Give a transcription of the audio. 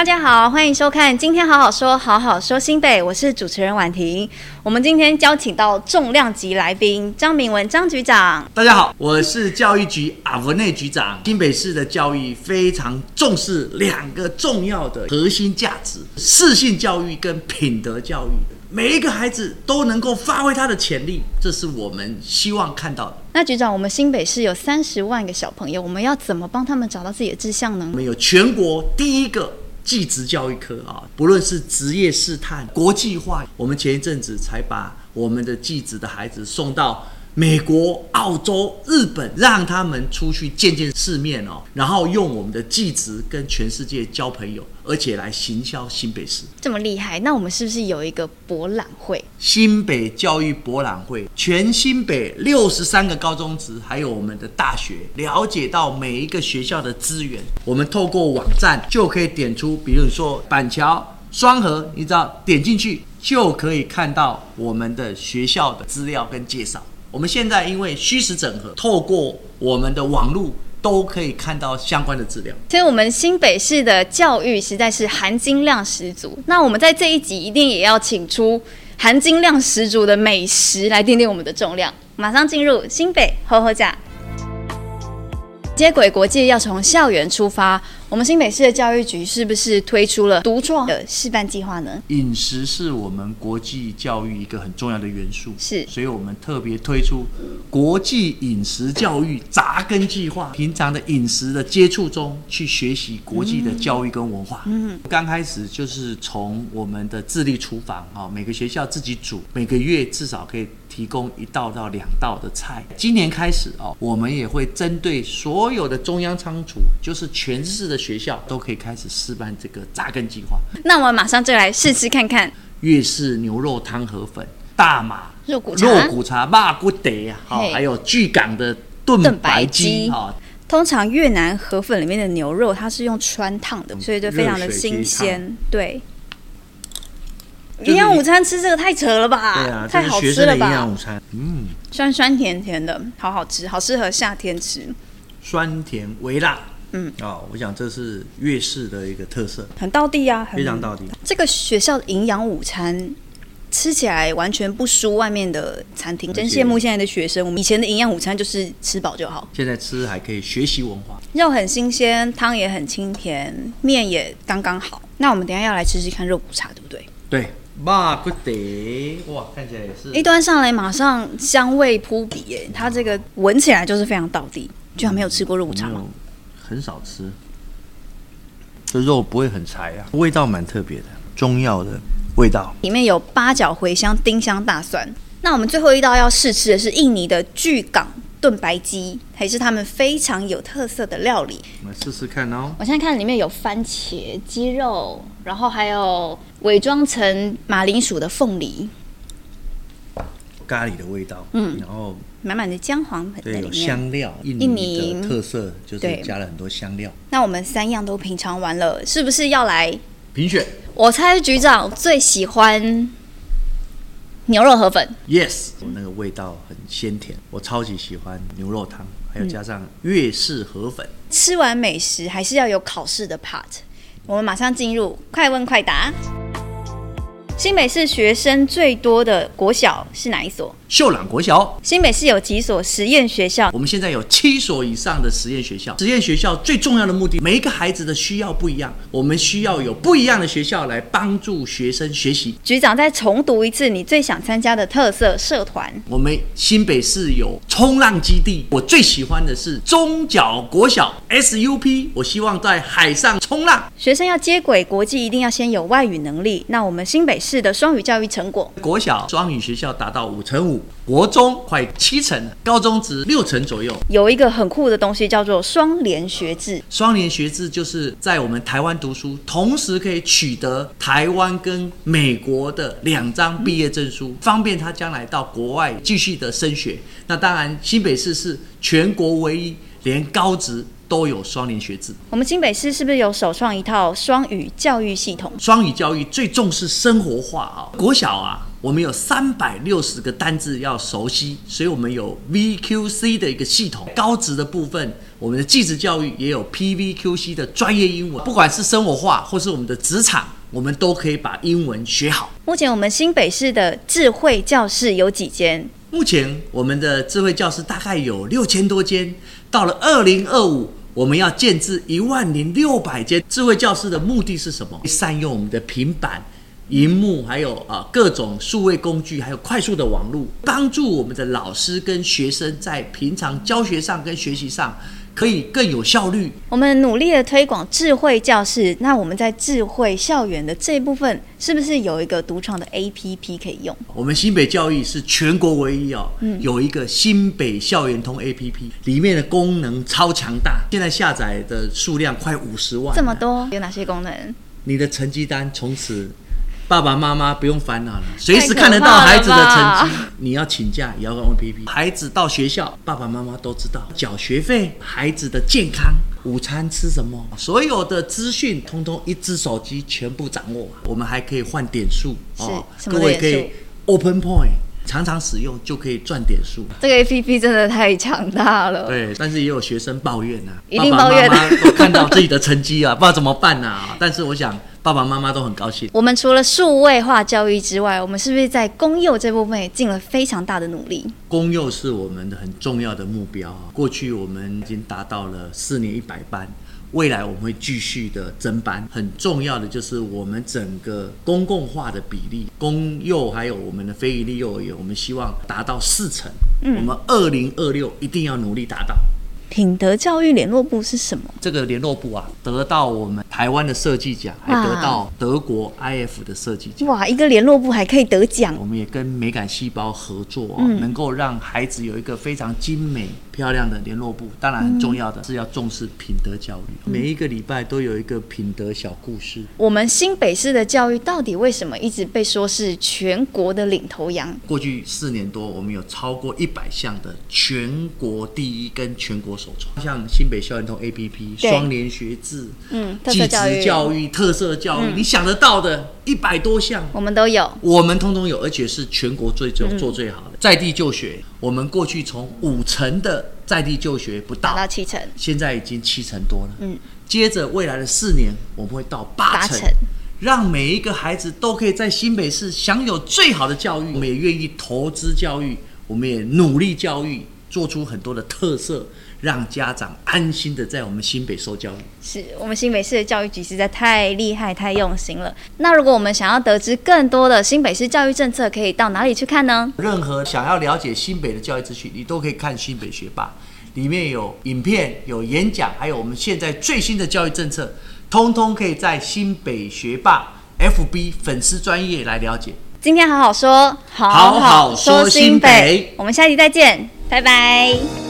大家好，歡迎收看《今天好好說》，好好說新北，我是主持人婉婷。我們今天邀請到重量級來賓張明文張局長。大家好，我是教育局阿文內局長。新北市的教育非常重視兩個重要的核心價值：適性教育跟品德教育。每一個孩子都能夠發揮他的潛力，這是我們希望看到的。那局長，我們新北市有三十萬個小朋友，我們要怎麼幫他們找到自己的志向呢？我們有全國第一個。技職教育科啊，不論是職業試探、國際化，我們前一陣子才把我們的技職的孩子送到美國、澳洲、日本，讓他們出去見見世面哦，然後用我們的技職跟全世界交朋友，而且來行銷新北市。這麼厲害？那我們是不是有一個博覽會？新北教育博覽會，全新北六十三個高中職，還有我們的大學，了解到每一個學校的資源。我們透過網站就可以點出，比如說板橋、雙和，你知道點進去就可以看到我們的學校的資料跟介紹。我們現在因為虛實整合，透過我們的網路都可以看到相關的資料。所以我們新北市的教育實在是含金量十足。那我們在這一集一定也要請出含金量十足的美食來墊墊我們的重量。馬上進入新北厚厚呷。接軌國際要從校園出發，我們新北市的教育局是不是推出了獨創的示範計劃呢？飲食是我們國際教育一個很重要的元素。是，所以我們特別推出國際飲食教育扎根計劃，平常的飲食的接觸中去學習國際的教育跟文化。嗯，剛、嗯、開始就是從我們的自立廚房啊，每個學校自己煮，每個月至少可以。提供一,一道到兩道的菜。今年開始哦，我們也會針對所有的中央倉儲，就是全市的學校都可以開始示範這個扎根計劃。那我們馬上就來試吃看看。越式牛肉湯河粉、大馬肉骨，肉骨茶、肉骨茶、馬古德，好嘿，還有巨港的燉白雞。哦、通常越南河粉裡面的牛肉它是用汆燙的，嗯、所以就非常的新鮮。對。營養午餐吃這個太扯了吧？對啊，太好吃了吧？營養午餐，嗯，酸酸甜甜的，好好吃，好適合夏天吃。酸甜微辣，嗯，哦，我想這是越式的一個特色，很道地啊，很，非常道地。這個學校的營養午餐吃起來完全不輸外面的餐廳，且真羨慕現在的學生。我們以前的營養午餐就是吃飽就好，現在吃還可以學習文化，肉很新鮮，湯也很清甜，麵也剛剛好。那我們等一下要來吃吃看肉骨茶，對不對？對。哇，看起來也是一端上來馬上香味撲鼻誒，它這個聞起來就是非常道地，就像沒有吃過肉骨茶，嗯，很少吃，這肉不會很柴啊，味道蠻特別的，中藥的味道，裡面有八角、茴香、丁香、大蒜。那我們最後一道要試吃的是印尼的巨港燉白雞，還是他們非常有特色的料理，我們試試看哦。我現在看裡面有番茄、雞肉，然後還有。偽裝成馬鈴薯的鳳梨，咖喱的味道，嗯，然後滿滿的薑黃粉的，對，有香料。印尼特色，印尼就是加了很多香料。那我們三樣都品嘗完了，是不是要來評選？我猜局長最喜歡牛肉河粉。Yes，我那個味道很鮮甜，我超級喜歡牛肉湯，還有加上越式河粉。嗯、吃完美食還是要有考試的 part，我們馬上進入快問快答。新北市學生最多的國小是哪一所？秀朗國小，新北市有幾所實驗學校？我們現在有七所以上的實驗學校。實驗學校最重要的目的，每一個孩子的需要不一樣，我們需要有不一樣的學校來幫助學生學習。局長再重讀一次，你最想參加的特色社團？我們新北市有衝浪基地，我最喜歡的是中角國小 SUP。我希望在海上衝浪。學生要接軌國際，一定要先有外語能力。那我們新北市的雙語教育成果，國小雙語學校達到五成五。國中快七成，高中只六成左右。有一個很酷的東西叫做雙聯學制。哦，雙聯學制就是在我們台灣讀書，同時可以取得台灣跟美國的兩張畢業證書，嗯，方便他將來到國外繼續的升學。那當然，新北市是全國唯一連高職都有雙聯學制。我們新北市是不是有首創一套雙語教育系統？雙語教育最重視生活化啊，哦，國小啊。我們有三百六十個單字要熟悉，所以我們有 VQC 的一個系統。高職的部分，我們的技職教育也有 PVQC 的專業英文。不管是生活化或是我們的職場，我們都可以把英文學好。目前我們新北市的智慧教室有幾間？目前我們的智慧教室大概有六千多間。到了二零二五，我們要建置一萬零六百間。智慧教室的目的是什麼？善用我們的平板。熒幕還有啊，各種數位工具，還有快速的網絡，幫助我們的老師跟學生在平常教學上跟學習上可以更有效率。我們努力的推廣智慧教室，那我們在智慧校園的這一部分是不是有一個獨創的 A P P 可以用？我們新北教育是全國唯一哦，有一個新北校園通 A P P，裡面的功能超強大，現在下載的數量快五十萬啊。這麼多，有哪些功能？你的成績單從此。 爸爸媽媽不用煩惱了，隨時看得到孩子的成績。你要請假也要用 APP。孩子到學校，爸爸媽媽都知道繳學費、孩子的健康、午餐吃什麼，所有的資訊通通一只手機全部掌握。我們還可以換點數是哦，什麼點數？各位可以 Open Point。常常使用就可以賺點數，這個 APP 真的太強大了。對，但是也有學生抱怨吶、啊，一定抱怨吶，爸爸媽媽都看到自己的成績啊，不知道怎麼辦吶、啊。但是我想爸爸媽媽都很高興。我們除了數位化教育之外，我們是不是在公幼這部分也盡了非常大的努力？公幼是我們的很重要的目標啊。過去我們已經達到了四年一百班。未來我們會繼續的增班，很重要的就是我們整個公共化的比例，公幼還有我們的非營利幼兒園，我們希望達到四成，我們二零二六一定要努力達到。嗯。嗯品德教育聯絡簿是什麼？這個聯絡簿啊，得到我們台灣的設計獎，還得到德國 IF 的設計獎。哇，一個聯絡簿還可以得獎。我們也跟美感細胞合作、啊，嗯、能夠讓孩子有一個非常精美漂亮的聯絡簿。當然，很重要的是要重視品德教育，嗯、每一個禮拜都有一個品德小故事。我們新北市的教育到底為什麼一直被說是全國的領頭羊？過去四年多，我們有超過一百項的全國第一跟全國。首創像新北校園通 APP、雙聯學制、嗯，技職教育、特色教育，你想得到的，一百多項，我們都有，我們通通有，而且是全國最做最好的在地就學。我們過去從五成的在地就學不到到七成，現在已經七成多了。嗯，接着未來的四年，我們會到八成，讓每一個孩子都可以在新北市享有最好的教育。我們也願意投資教育，我們也努力教育，做出很多的特色。讓家長安心的在我們新北受教育，是我們新北市的教育局實在太厲害、太用心了。那如果我們想要得知更多的新北市教育政策，可以到哪裡去看呢？任何想要了解新北的教育資訊，你都可以看新北學 Bar，裡面有影片、有演講，還有我們現在最新的教育政策，通通可以在新北學 Bar FB 粉絲專頁來了解。今天好好說，好好，好說新北，好好說新北，我們下集再見，拜拜。